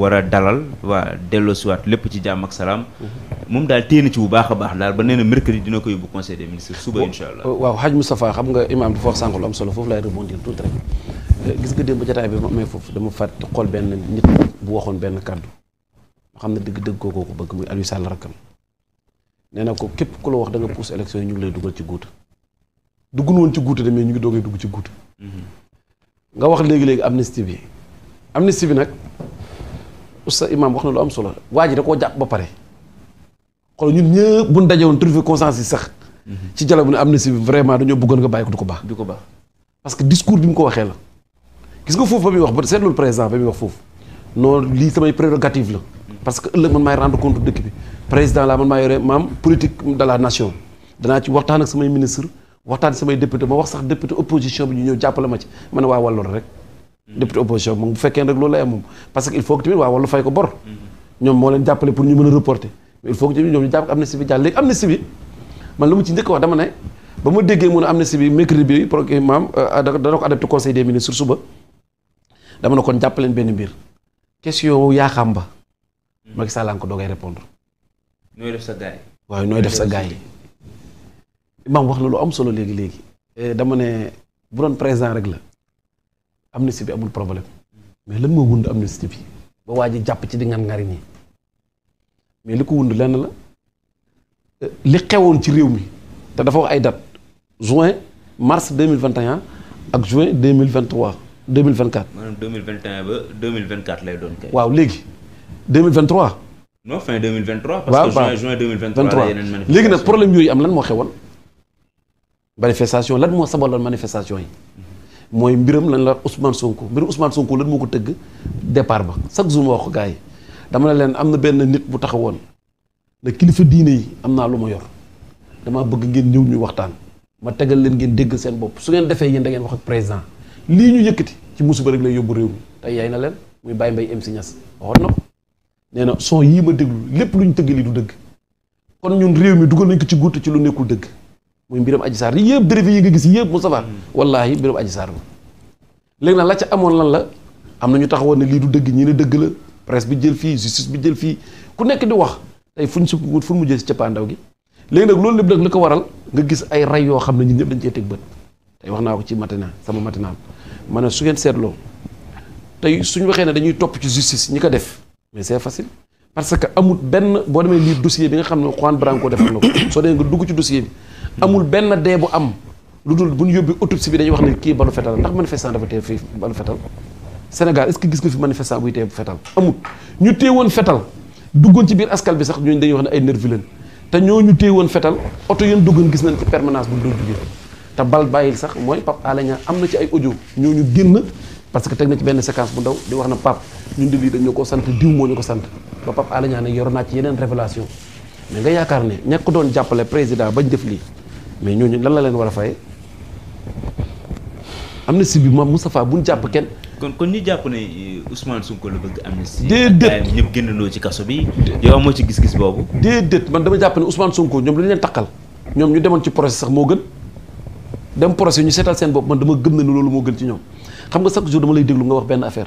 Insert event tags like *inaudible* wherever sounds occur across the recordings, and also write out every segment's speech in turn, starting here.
war a dalal waa delloosiwaat lépp ci jàmm ak salaam. moom daal téye na ci bu baax a baax daal ba nee na mercredi dina ko yóbbu conseil des ministres suba incha allah. waaw xaj Moustapha xam nga imaam dafa wax sànq lu am solo foofu laay rebondir tuuti rek gis nga démb jotaay bi ma amee foofu dama fàtt xool benn nit bu waxoon benn kàddu ma xam ne dëgg-dëgg kookoo ko bëgg muy Aliou Sall rakkam nee na ko képp ku la wax da nga pousse élection yi ñu ngi lay dugal ci guut duggun woon ci guut demee ñu ngi doogee dugg ci guut. Mhm. nga wax léegi léegi amnistie bi amnistie bi nag oustaz imam wax na lu am solo waa ji da koo jàpp ba pare xool ñun ñëpp bu ñu daje woon trouver consensus sax. ci dialogue bi ne am na si vraiment dañoo bëggoon nga bàyyi ko du ko baax. du ko baax parce que discours bi mu ko waxee la. gis nga foofu ba muy wax ba seetlul président ba muy wax foofu non lii samay prérogative la. parce que ëllëg man maay rendre compte dëkk bi président laa man maa yore maam politique de la nation danaa ci waxtaan ak samay ministre waxtaan samay député ma wax sax député opposition bi ñu ñëw jàppale ma ci ma ne waa wàllu rek. député opposition moom bu fekkee rek loolu lay am moom parce que il faut que tamit waa wala fay ko bor ñoom moo leen jàppale pour ñu mën a reporter il faut que tamit ñoom ñu jàpp ko amnistie bi jàll man lu mu ci njëkk wax dama ne ba ma déggee mun a amnistie bi mercredi bi programme maam euh, dana ko adapté conseil des ministres suba dama ne kon jàppaleen benn mbir question yaa xam ba Macky Sall doo doogay répondre nooy def sa gars yi waaw nooy def sa gars yi maam wax na lu am solo léegi-léegi eh, dama ne bu doon rek la am amnistie bi amul problème mais lan moo wund amnistie bi ba waa ji jàpp ci di ngan ngari nii mais li ko wund lenn la euh, li xewoon ci réew mi te dafa wax ay date juin mars 2021 ak juin 2023 2024 maanaam 2021 ba 2024 lay doon kay waaw léegi 2023 non fin 2023 parce que juin juin 2023 léegi nag problème yooyu am lan moo xewoon manifestation lan moo sabaloon manifestation yi mooy mbiram lan la Ousmane Sonko mbiram Ousmane Sonko lan moo ko tëgg départ ba chaque jour ma ko gars yi dama ne leen am na benn nit bu woon ne kilifa diine yi am naa lu ma yor damaa bëgg ngeen ñëw ñu waxtaan ma tegal leen ngeen dégg seen bopp su ngeen defee yéen da ngeen wax ak président lii ñu yëkkati ci musiba rek lay yóbbu réew mi tey na leen muy Baye mbay MC Niass waxoon na ko nee na son yii ma déglu lépp lu ñu tëgg lii du dëgg kon ñun réew mi dugal nañ ko ci guut ci lu nekkul dëgg muy mbiram aji saar yëpp dérivé yi nga gis yëpp Moustapha mm. wallaahi mbiram aji saar la léegi nag la ca amoon lan la am na ñu taxawoon ne lii du dëgg ñi ne dëgg la presse bi jël fii justice bi jël fii ku nekk di wax tey fuñ su fu mu jël si cappaandaw gi léegi nag loolu lépp nag li ko waral nga gis ay rey yoo xam ne ñun ñëpp dañ cee teg bët tey wax naa ko ci matinal sama matinal ma su ngeen seetloo tey suñu waxee ne dañuy topp ci justice ñi ko def mais c'est facile parce que amul benn boo demee lire dossier bi nga xam ne Juan Branco defal na ko soo demee nga dugg ci dossier bi amul benn dee bu am lu dul bu ñu yóbbu autopsie bi dañuy wax ne kii balu fetal ndax manifestant dafa tee fii balu fetal Sénégal est-ce que gis nga fi manifestant buy tee bu fetal amul ñu téewoon fetal duggoon ci biir askal bi sax ñooñu dañuy wax ne ay te ñoo ñu ñooñu woon fetal oto yéen duggoon gis nañ ci permanence bu doon jugee te bal bàyyil sax mooy Pape Alé am na ci ay ojo audio ñu génn parce que teg na ci benn séquence bu ndaw di wax na Pape ñun de lii dañu ko sant diw moo ñu ko sant ba Pape Alé Niang yor naa ci yeneen révélation mais nga yaakaar ne ña ko doon jàppale président bañ def lii mais ñooñu lan la leen war am na si bi moom Moustapha bu ñu jàpp kenn. kon kon ñu jàpp ne euh, Ousmane Sonko la bëgg am amnistie. déedéet ñëpp génnandoo ci kaso bi. yow amoo ci gis-gis boobu. déedéet man dama jàpp ne Ousmane Sonko ñoom dañu leen takkal ñoom ñu demoon ci procès sax moo gën dem procès ñu seetal seen bopp man dama gëm ne loolu moo gën ci ñoom xam nga chaque jour lay déglu nga wax benn affaire.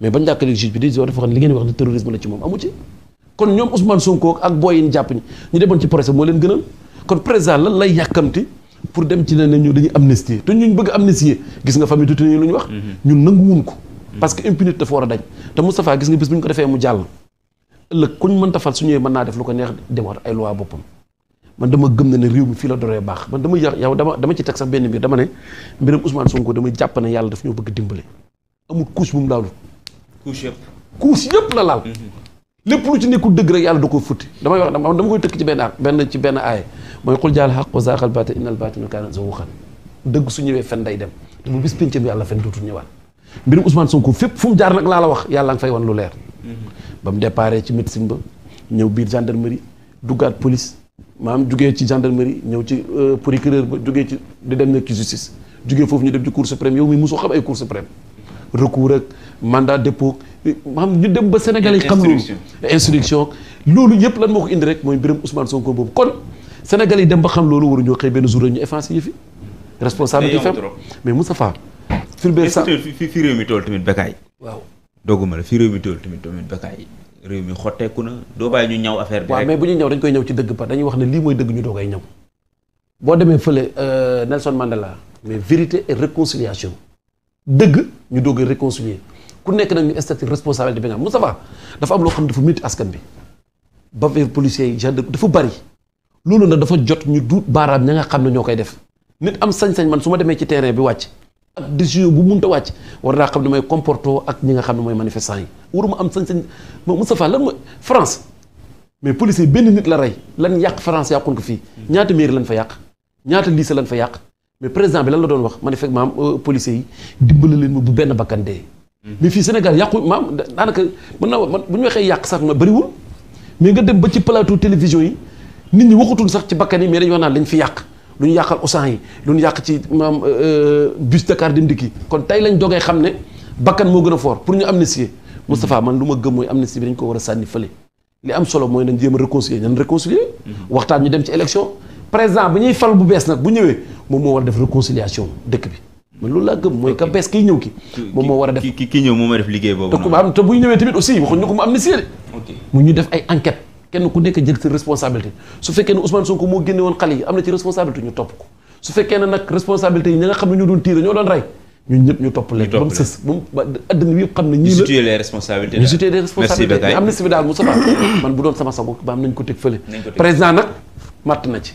mais ba jàkkale juge bi décision dafa xam ne li ngeen wax ne terrorisme la ci moom amu ci kon ñoom Ousmane Sonko ak booy yi jàpp ñi ñu demoon ci procès moo leen gënal kon président lan lay yàkkamti pour dem ci ne ne ñu dañuy amnistier te ñun bëgg amnistier gis nga famille tutini lu ñu wax ñun nanguwun ko parce que impunité dafa war a dañ te Moustapha gis nga bis bu ñu ko defee mu jàll ëllëg kuñ mën tafal su ñëwee mën naa def lu ko neex demaat ay loi boppam man dama gëm ne ne réew mi fii baax man dama yow dama dama ci teg sax benn mbir dama ne mbiram Ousmane Sonko dama jàpp yàlla daf ñoo bëgg dimbale amul couche bu mu couche yëpp la laal. Mhm. lépp lu ci nekkul dëgg rek yàlla da koo futti damay wax dama dama koy tëkk ci benn ak benn ci benn aay mooy xul jaal xaq wa zaaqal baatil innal baatina kaana zahuuqan dëgg su ñëwee fen day dem te bu bis pencam yàlla fen dootul ñëwaat mbirum Ousmane Sonko fépp fu mu jaar nag laa la wax yàlla nga fay wan lu leer. Mhm. ba mu déparé ci médecine ba ñëw biir gendarmerie duggaat police maanaam jugee ci gendarmerie ñëw ci euh, procureur ba jugee ci di dem nag ci justice recours ak mandat dépôt maanaam ñu dem ba sénégalais yi xam loolu instruction loolu yëpp lan moo ko indi rek mooy mbiram soo Sonko boobu kon sénégalais yi dem ba xam loolu waruñoo xëy benn jour ñu effacé yëfi responsabilité fam mais Moustapha Fulbert Sambou fi fi réew mi tool tamit bakaay waaw dooguma la fi réew mi tamit tamit bakaay réew mi xotteeku na doo bàyyi ñu ñaw affaire bi waaw mais bu ñu ñaw dañ koy ñaw ci dëgg ba dañuy wax ne lii mooy dëgg ñu doogay ñaw boo demee fële euh, Nelson Mandela mais vérité et dëgg ñu doog a ku nekk nag ñu statut responsabilité bi nga am Moustapha dafa am loo xam ne dafa métti askan bi ba weer policiers yi gendarme dafa bari loolu nag dafa jot ñu duut baaraam ña nga xam ne ñoo koy def nit am sañ-sañ man su ma demee ci terrain bi wàcc ak décision bu munta wàcc war naa xam ne mooy comporto ak ñi nga xam ne mooy manifestant yi waruma am sañ-sañ Moustapha lan ma France mais policier benn nit la rey lan yàq France yàqun ko fii ñaata mairie lan fa yàq ñaata lycée lan fa yàq mais président bi lan la doon wax ma ne fekk maam euh, policiers yi dimbala leen ma bu benn bakkan dee. mais fii Sénégal yàqu maam daanaka mën naa man bu ñu waxee yàq sax ma bëriwul mais nga dem ba ci plateau télévision yi nit ñi waxatul sax ci bakkan yi mais dañu wax naan dañ fi yàq lu ñu yàqal Auchan yi lu ñu yàq ci maam euh, euh, bus Dakar Dem Dikk yi kon tey lañ dogee xam ne bakkan moo gën a foor pour ñu amnistier. Moustapha man lu ma gëm mooy amnistie bi dañ ko war a sànni fële. li am solo mooy nañ jéem a réconcilier nañ réconcilier mm-hmm. waxtaan ñu dem ci élection. président bu ñuy fal bu bees nag bu ñëwee moom moo war a def réconciliation dëkk bi man loolu laa gëm mooy ka bees kiy ñëw ki moom moo war a def ki ki ñëw moo ñëwee tamit aussi waxuñu mu nekk ne Ousmane Sonko moo génne woon xale yi am na ci responsabilité ñu mu am na si bi daal Moustapha *coughs* man bu doon sama sago ba am nañ ko teg fële président nag matt na ci